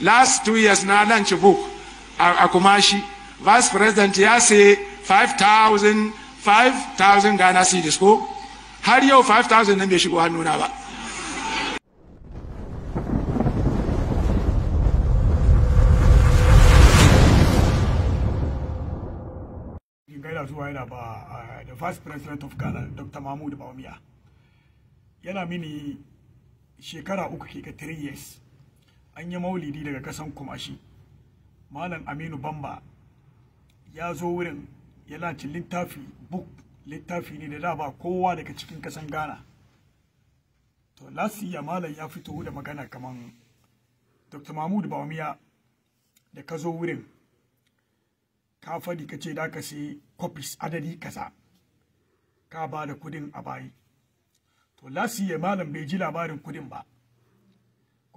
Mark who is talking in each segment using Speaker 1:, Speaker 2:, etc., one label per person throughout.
Speaker 1: last two years na launch book a kumashi vice president ya say 5000 5000 ghana cedis ko har yau 5000 nan bai shigo hannuna ba
Speaker 2: gaida zuwa yana ba the vice president of ghana dr Mahmoud bawumia yana mini shekara uku ke ga 3 years an yi maulidi daga kasan kumashi malam aminu bamba ya zo wurin ya lati littafi book littafi ne da ba kowa daga cikin kasan ghana to lasiya malam ya fito da magana kamar dr mahmud bawamiya da ka zo wurin ka faɗi ka ce da ka sai copies adadi kaza ka ba da kudin a bayi to lasiya malam bai ji labarin kudin ba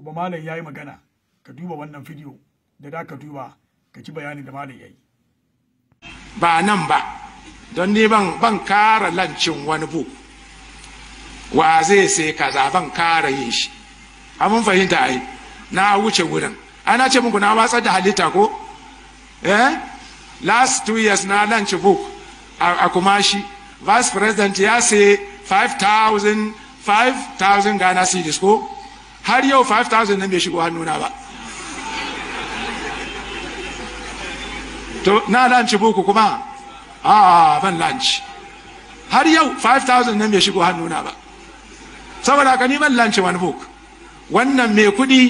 Speaker 2: kuma malam ya yi magana ka duba wannan fidiyo da da ka duba ka ci bayani da malam ya yi
Speaker 1: ba nan ba don ni ban kara lancin wani bu wa zai sai kaza ban kara yin shi abin fahimta ai na wuce wurin ana ce muku na watsar da halitta ko eh last two years na lanci book a kumashi vice president ya sai 5000 ghana cedis ko har yau 5000 nan bai shigo hannuna ba to na lanci buku kuma a ban lanci har yau 5000 nan bai shigo hannuna ba saboda ka ni ban lanci wani buku wannan mai kudi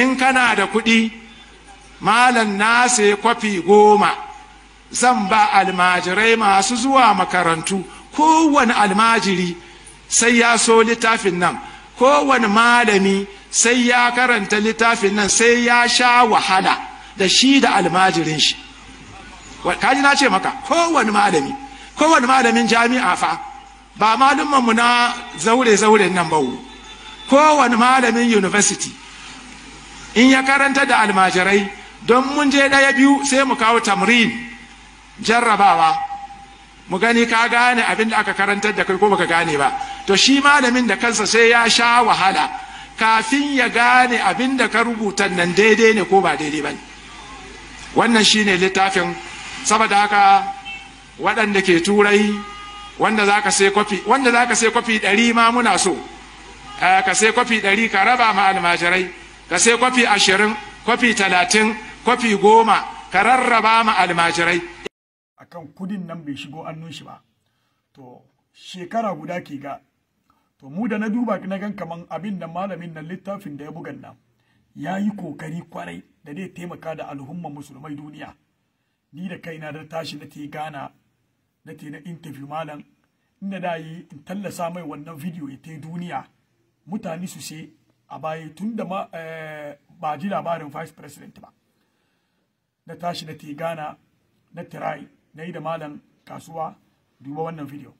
Speaker 1: in kana da kudi malam na sai kwafi goma zan ba almajirai masu zuwa makarantu kowane almajiri sai ya so littafin nan kowane malami sai ya karanta littafin nan sai ya sha wahala da shi da almajirin shi kaji na ce maka kowane malami kowane malamin jami'a fa ba mu na zaure zaure nan ba kowane malamin university in ya karanta da almajirai don mun je ɗaya biyu sai mu kawo tamrin jarrabawa mu gani ka gane abin da aka karantar da kai ko baka gane ba to shi malamin da kansa sai ya sha wahala kafin ya gane abin da ka rubuta nan daidai ne ko ba daidai ba ne wannan ne littafin saboda haka waɗanda ke turai wanda za ka sai kwafi ɗari ma muna so eh, ka sai kwafi ɗari ka raba ma almajirai ka sai kwafi ashirin kwafi talatin kwafi goma ka rarraba ma almajirai
Speaker 2: akan kudin nan bai shigo annun shi ba to shekara guda ke ga to mu da na duba na gan kaman abin da malamin nan littafin da ya buga nan ya yi kokari kwarai da zai taimaka da al'umman musulmai duniya ni da kaina da tashi na te gana na te na interview malam inda da yi in tallasa mai wannan video ya ta duniya mutane su sai a baya tun da ma eh, ba ji labarin vice president ba na tashi na te gana na tirai na yi da malam kasuwa duba wannan video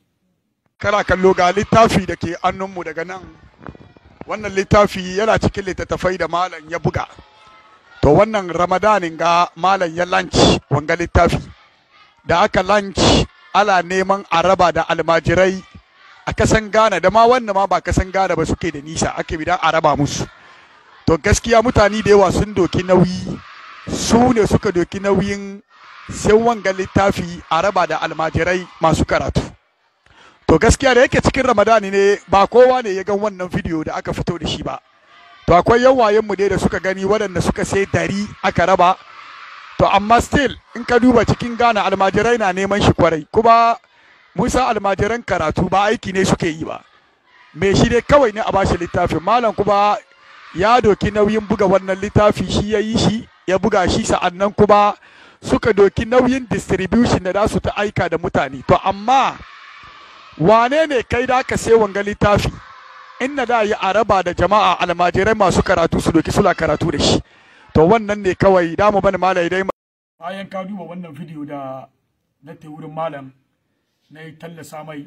Speaker 2: kana kallo ga littafi da ke annunmu daga nan wannan littafi yana cikin littattafai da malam ya buga to wannan ramadanin ga malam ya lanci wanga littafi da aka lanci ala neman araba da almajirai a kasan Ghana da ma wannan ma ba kasan Ghana ba suke da nisa ake bidan araba musu to gaskiya mutane da yawa sun doki nauyi su ne suka doki nauyin sai wanga littafi araba da almajirai masu karatu to gaskiya da yake cikin ramadani ne ba kowa ne ya ga wannan bidiyo da aka fito da shi ba to akwai yawayen mu dai da suka gani waɗanda suka sai dari aka raba to amma still in ka duba cikin gana almajirai na neman shi kwarai kuma musa almajiran karatu ba aiki ne suke yi ba me shi dai kawai ne a bashi littafin malam kuma ya doki nauyin buga wannan littafi shi ya yi shi ya buga shi sa'annan kuma suka doki nauyin distribution da za su ta aika da mutane to amma wane ne kai da aka sai wanga littafi inna da yi araba da jama'a almajirai masu karatu su doki sula karatu da shi to wannan ne kawai da mu bani malai dai bayan ka duba wannan video da na te wurin malam na yi tallasa mai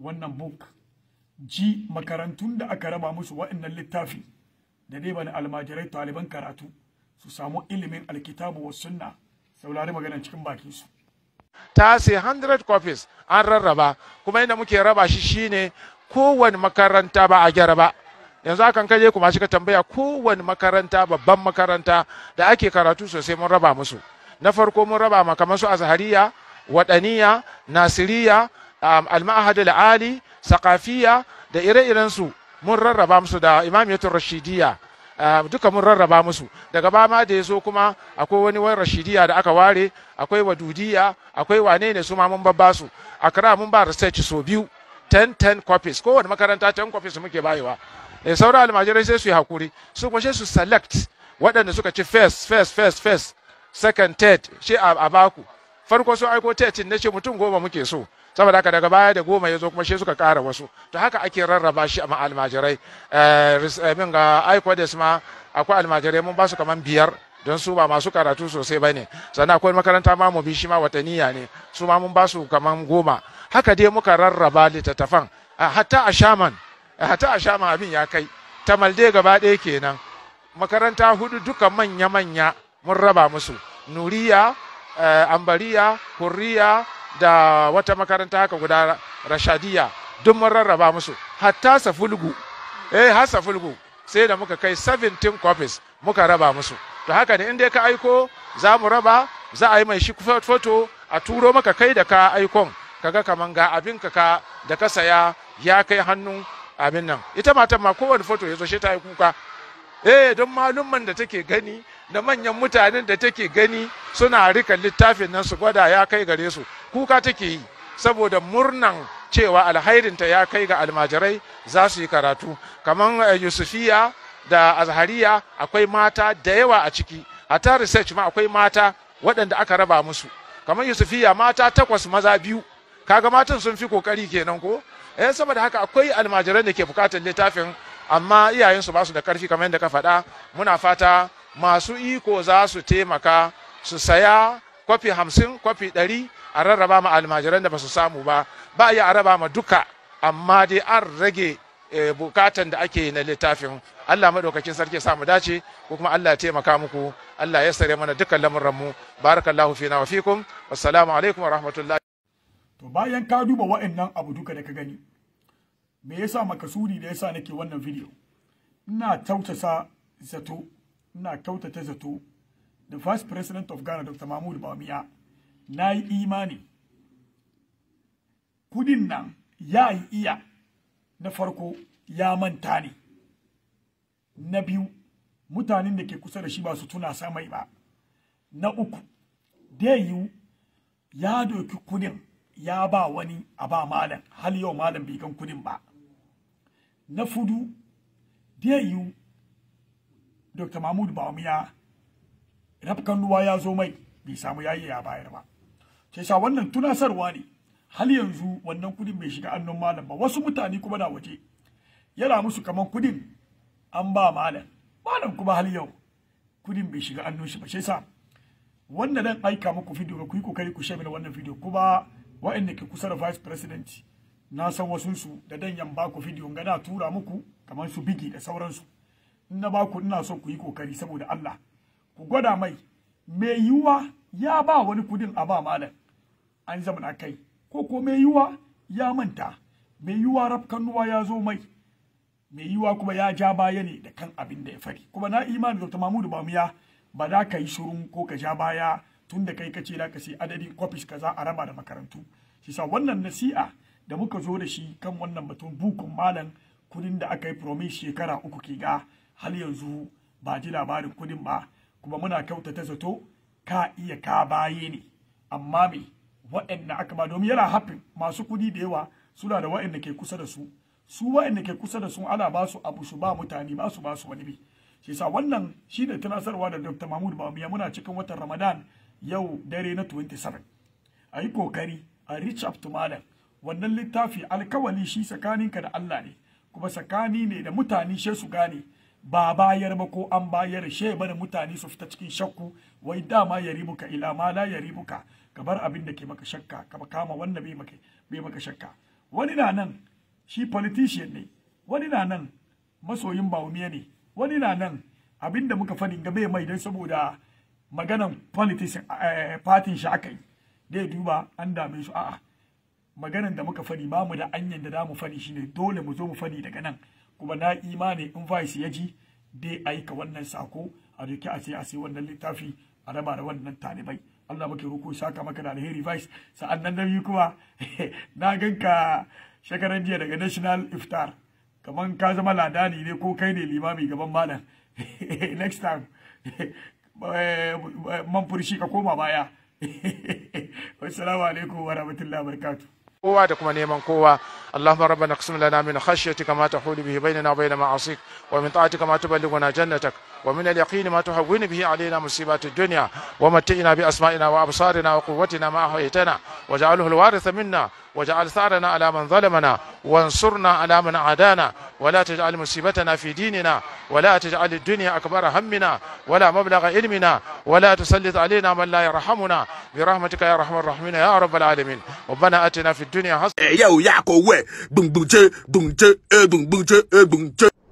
Speaker 2: wannan book ji makarantun da aka raba musu wa'annan littafi da dai bani almajirai taliban karatu su samu ilimin alkitabu wa sunna saurari maganar cikin su.
Speaker 1: ta sai 100 copies an rarraba kuma inda muke raba shi shine kowane makaranta ba a gyara ba yanzu akan kaje kuma shi ka tambaya kowane makaranta babban makaranta da ake karatu sosai mun raba musu na farko mun raba ma kamar su azhariya wadaniya nasiriya um, al sakafiya saqafiya da ire-iren su mun rarraba musu da imamiyatul rashidiyya Ah, duka mun rarraba musu daga ba ma da ya zo kuma akwai wani wani rashidiya da aka ware akwai wadudiya akwai wane ne su ma mun babba su a kira mun ba research so biyu 10 10 copies kowane makaranta 10 copies muke bayewa eh sauran almajirai sai su yi hakuri su kuma sai su select waɗanda suka ci first first first first second third shi a baku farko su aiko 13 na ce mutum goma muke so saboda haka daga baya da goma ya zo kuma shi suka ƙara wasu to haka ake rarraba shi a almajirai min eh, eh, ga aikodes ma akwai almajirai mun ba su kaman biyar don su ba masu karatu sosai ba ne sannan akwai makaranta ma mu bi shi ma wataniya ne su ma mun ba su kaman goma haka dai muka rarraba littattafan eh, hatta a shaman hatta a shaman abin ya kai malde gaba ɗaya kenan makaranta hudu duka manya-manya mun raba musu nuriya ambariya kurriya. da wata makaranta haka guda rashadiya duk mun rarraba musu hatta safulgu eh har safulgu sai da muka kai 17 copies muka raba musu to haka ne in dai ka aiko za mu raba za a yi mai shi foto a turo maka kai da ka aikon kaga kaman ga abin ka da ka saya ya kai hannun abin nan ita matan ma kowane foto ya zo shi ta yi kuka eh don malumman da take gani da manyan mutanen da take gani suna rika littafin nan su gwada ya kai gare su kuka take yi saboda murnan cewa alhairinta ya kai ga almajirai za su yi karatu kamar eh, yusufiya da azhariya akwai mata da yawa a ciki a ta research ma akwai mata waɗanda aka raba musu kamar yusufiya mata takwas maza biyu kaga matan sun fi kokari kenan ko eh saboda haka akwai almajirai da ke bukatar littafin amma iyayensu ba su da karfi kamar yadda ka faɗa muna fata masu iko za su taimaka su saya kwafi hamsin kwafi ɗari a rarraba ma almajiran da ba su samu ba ba ya a raba ma duka amma dai an rage eh, bukatan da ake na littafin Allah madaukakin sarki samu dace ko kuma Allah ya taimaka muku Allah ya sare mana dukkan lamuran mu barakallahu fina wa fikum assalamu alaikum wa rahmatullahi
Speaker 2: to bayan ka duba wa'annan abu duka da ka gani me yasa maka suri da yasa nake wannan video ina tautasa zato ina kyautata zato the vice president of Ghana Dr. Mahmoud Bawumia na yi imani kudin nan ya yi iya na farko ya manta ne na biyu mutanen da ke kusa da shi ba su tuna samai ba na uku yiwu ya doki kudin ya ba wani a ba malam hal yau malam bai kan kudin ba na fudu yiwu dr mahmud bawumiya rafkan ruwa ya zo mai bai samu yayi ya bayar ba ke wannan tunasarwa ne hal yanzu wannan kudin bai shiga annon malam ba wasu mutane kuma na waje yana musu kamar kudin an ba malam malam kuma hal yau kudin bai shiga annon shi ba shi sa wanda dan aika muku video ga ku yi kokari ku share wannan video kuma wa'anda ke kusa da vice president na san wasu su da dan yan ku video ga da tura muku kamar su bigi da sauransu in na ku ina so ku yi kokari saboda Allah ku gwada mai me yiwa ya ba wani kudin a ba malam an zamana kai ko ko mai yiwa ya manta mai yiwa rafkanuwa ya zo mai mai yiwa kuma ya ja baya ne da kan abin da ya fari kuma na imani dr mahmudu bamiya ba za ka yi shirun ko ka ja baya tun da kai kace za ka sai adadin kwafis za a raba da makarantu shi sa wannan nasi'a da muka zo da shi kan wannan batun bukun malam kudin da aka yi promise shekara uku ke ga har yanzu ba ji labarin kudin ba kuma muna kyautata zato ka iya ka baye ne amma me waɗanda aka ba domin yana hafin masu kuɗi da yawa suna da waɗanda ke kusa da su su waɗanda ke kusa da su ana ba su abu su ba mutane ba su ba su wani bi shi yasa wannan shine tunasarwa da Dr. Mahmud Bamiya muna cikin watan Ramadan yau dare na 27 a yi kokari a reach up to wannan littafi alkawali shi tsakaninka da Allah ne kuma tsakani ne da mutane shi su gane ba bayar ba ko an bayar she bane mutane su fita cikin shakku wai dama ya ribuka ila ma la ya ribuka ka bar abin da ke maka shakka ka kama wanda bai maka bai maka shakka wani na nan shi politician ne wani na nan masoyin baumiya ne wani na nan abin da muka fadin ga bai mai dan saboda maganan politics eh, fatin shi aka yi dai duba an dame su a'a maganan da muka fadi ba mu da anyan da za mu fadi shine dole mu zo mu fadi daga nan kuma na imani in vice ya ji dai aika wannan sako a duki a ce a sai wannan littafi a raba da wannan talibai Allah muke roko saka maka da alheri vice sa'an nan nabi kuma na ganka shekaran jiya daga national iftar kaman ka zama ladani ne ko kai ne limami gaban malam next time eh, man furshi ka koma baya wassalamu alaikum wa rahmatullahi
Speaker 1: kowa da kuma neman kowa اللهم ربنا اقسم لنا من خشيتك ما تحول به بيننا وبين معاصيك ومن طاعتك ما تبلغنا جنتك ومن اليقين ما تهون به علينا مصيبات الدنيا ومتئنا بأسمائنا وأبصارنا وقوتنا ما أحييتنا وجعله الوارث منا وجعل ثارنا على من ظلمنا وانصرنا على من عادانا ولا تجعل مصيبتنا في ديننا ولا تجعل الدنيا أكبر همنا ولا مبلغ علمنا ولا تسلط علينا من لا يرحمنا برحمتك يا رحمن الرحيم يا رب العالمين ربنا آتنا في الدنيا
Speaker 2: حسنة